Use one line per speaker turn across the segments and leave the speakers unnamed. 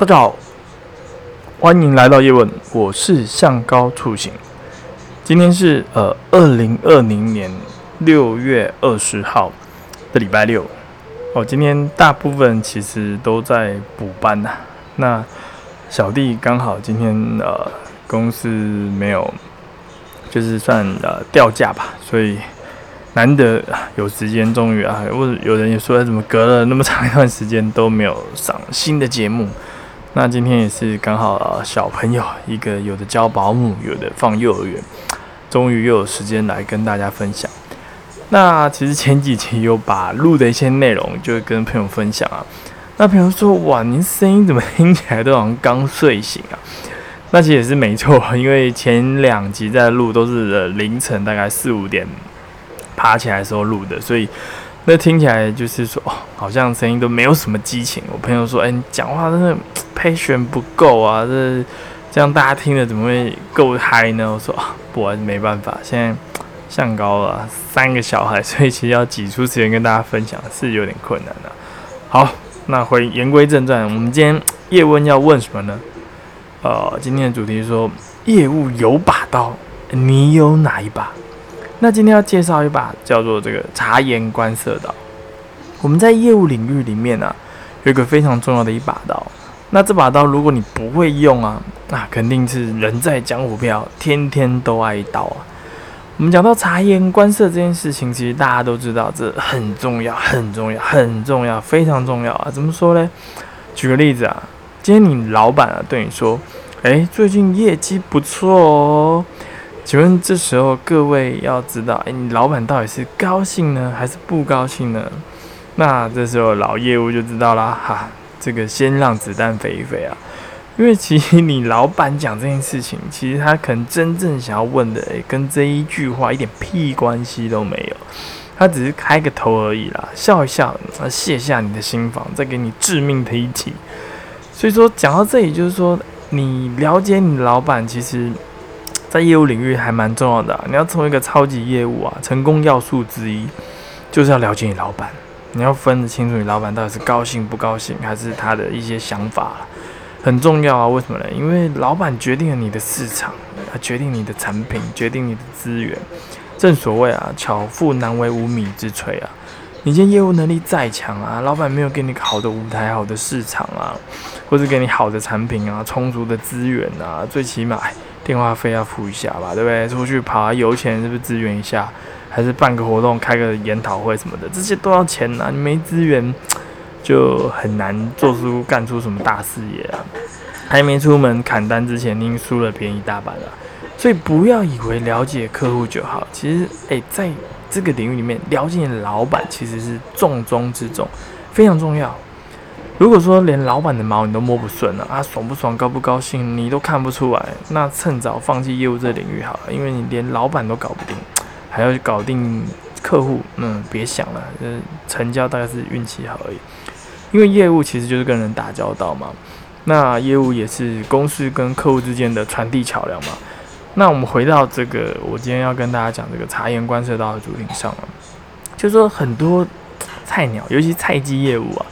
大家好，歡迎來到樂問，我是向高處行。今天是呃二零二零年六月二十號的禮拜六。哦，今天大部分其實都在補班呐、啊。那小弟剛好今天呃公司沒有，就是算呃調假吧，所以難得有時間，終於啊，有有人也說怎麼隔了那麼長一段時間都沒有上新的節目。那今天也是剛好、呃、小朋友一個有的交保母，有的放幼兒園，終於又有時間來跟大家分享。那其實前幾集有把錄的一些內容，就跟朋友分享啊。那朋友說：“哇，您聲音怎麼聽起來都好像剛睡醒啊？”那其實也是沒錯，因為前兩集在錄都是、呃、凌晨大概四五點爬起來的時候錄的，所以。那聽起來就是說，哦，好像聲音都沒有什麼激情。我朋友說，哎、欸，你講話真的 passion 不夠啊，這、就是、這樣大家聽的怎麼會夠嗨呢？我說，不，還沒辦法，現在上高了，三個小孩，所以其實要擠出時間跟大家分享是有點困難的、啊。好，那回言歸正傳，我們今天樂問要問什麼呢？呃，今天的主題是說，業務有把刀，你有哪一把？那今天要介紹一把叫做這個察言觀色刀。我們在業務領域裡面呢、啊，有一個非常重要的一把刀。那這把刀如果你不會用啊，啊，那肯定是人在江湖飄，天天都挨刀啊。我們講到察言觀色這件事情，其實大家都知道，這很重要，很重要，很重要，非常重要啊。怎麼說嘞？舉個例子啊，今天你老闆啊對你說，哎，最近業績不錯哦。請問這時候各位要知道，哎，你老板到底是高興呢還是不高興呢？那這時候老業務就知道啦哈。這個先讓子彈飛一飛啊，因為其實你老板講這件事情，其實他可能真正想要問的誒，跟這一句話一點屁關係都沒有，他只是開個頭而已啦，笑一笑，啊，卸下你的心防，再給你致命的一擊。所以說講到這裡，就是說你了解你的老板其實。在業務領域還蠻重要的啊，你要成為一個超級業務啊，成功要素之一就是要了解你老闆，你要分得清楚你老闆到底是高興不高興，還是他的一些想法啊，很重要啊。為什麼呢？因為老闆決定了你的市場，他決定你的產品，決定你的資源。正所謂啊，巧婦難為無米之炊啊。你今天業務能力再強啊，老闆沒有給你好的舞台、好的市場啊，或是給你好的產品啊、充足的資源啊，最起碼。電話費要付一下吧，對不對？出去跑油、啊、錢是不是支援一下？還是辦個活動、開個研討會什麼的，這些都要錢吶、啊。你沒資源，就很難做出幹出什麼大事業啊。還沒出門砍單之前，您輸了便宜大半了、啊。所以不要以為了解客戶就好，其實哎、欸，在這個領域裡面，了解老板其實是重中之重，非常重要。如果說連老闆的毛你都摸不順了、啊，啊爽不爽高不高興你都看不出來，那趁早放棄業務這領域好了，因為你連老闆都搞不定，還要搞定客戶，嗯，別想了，嗯、就是，成交大概是運氣好而已。因為業務其實就是跟人打交道嘛，那業務也是公司跟客戶之間的傳遞橋樑嘛。那我們回到這個我今天要跟大家講這個察言觀色刀的主題上了，就是說很多菜鳥，尤其菜雞業務啊。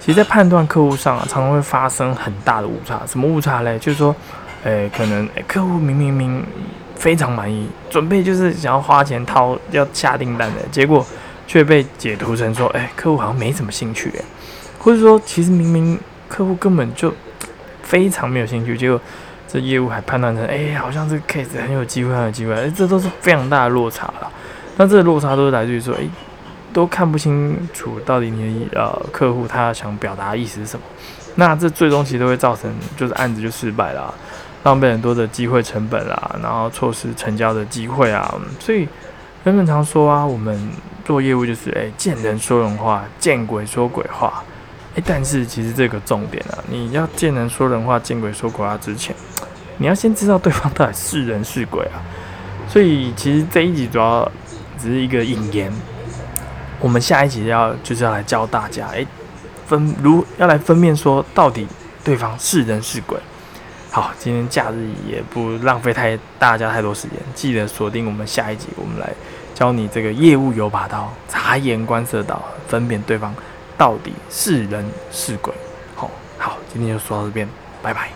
其實在判斷客戶上啊，常常會發生很大的誤差。什麼誤差呢？就是說，誒，可能誒客戶明明明非常滿意，準備就是想要花錢掏要下訂單的，結果卻被解讀成說，誒，客戶好像沒什麼興趣哎，或者說，其實明明客戶根本就非常沒有興趣，結果這業務還判斷成，誒，好像這個 case 很有機會，很有機會，誒，這都是非常大的落差了。那這個落差都是來自於說，誒都看不清楚到底你的呃客戶他想表達的意思是什麼，那這最終其實都會造成就是案子就失敗了，啊，浪費很多的機會成本啦，啊，然後錯失成交的機會啊。所以人們常說啊，我們做業務就是誒、欸，見人說人話，見鬼說鬼話。誒、欸，但是其實這個重點啊，你要見人說人話，見鬼說鬼話之前，你要先知道對方到底是人是鬼啊。所以其實這一集主要只是一個引言。我們下一集要就是要來教大家，哎，分如要來分辨說到底對方是人是鬼。好，今天假日也不浪費太大家太多時間，記得鎖定我們下一集，我們來教你這個業務有把刀，察言觀色刀，分辨對方到底是人是鬼。好、哦，好，今天就說到這邊，拜拜。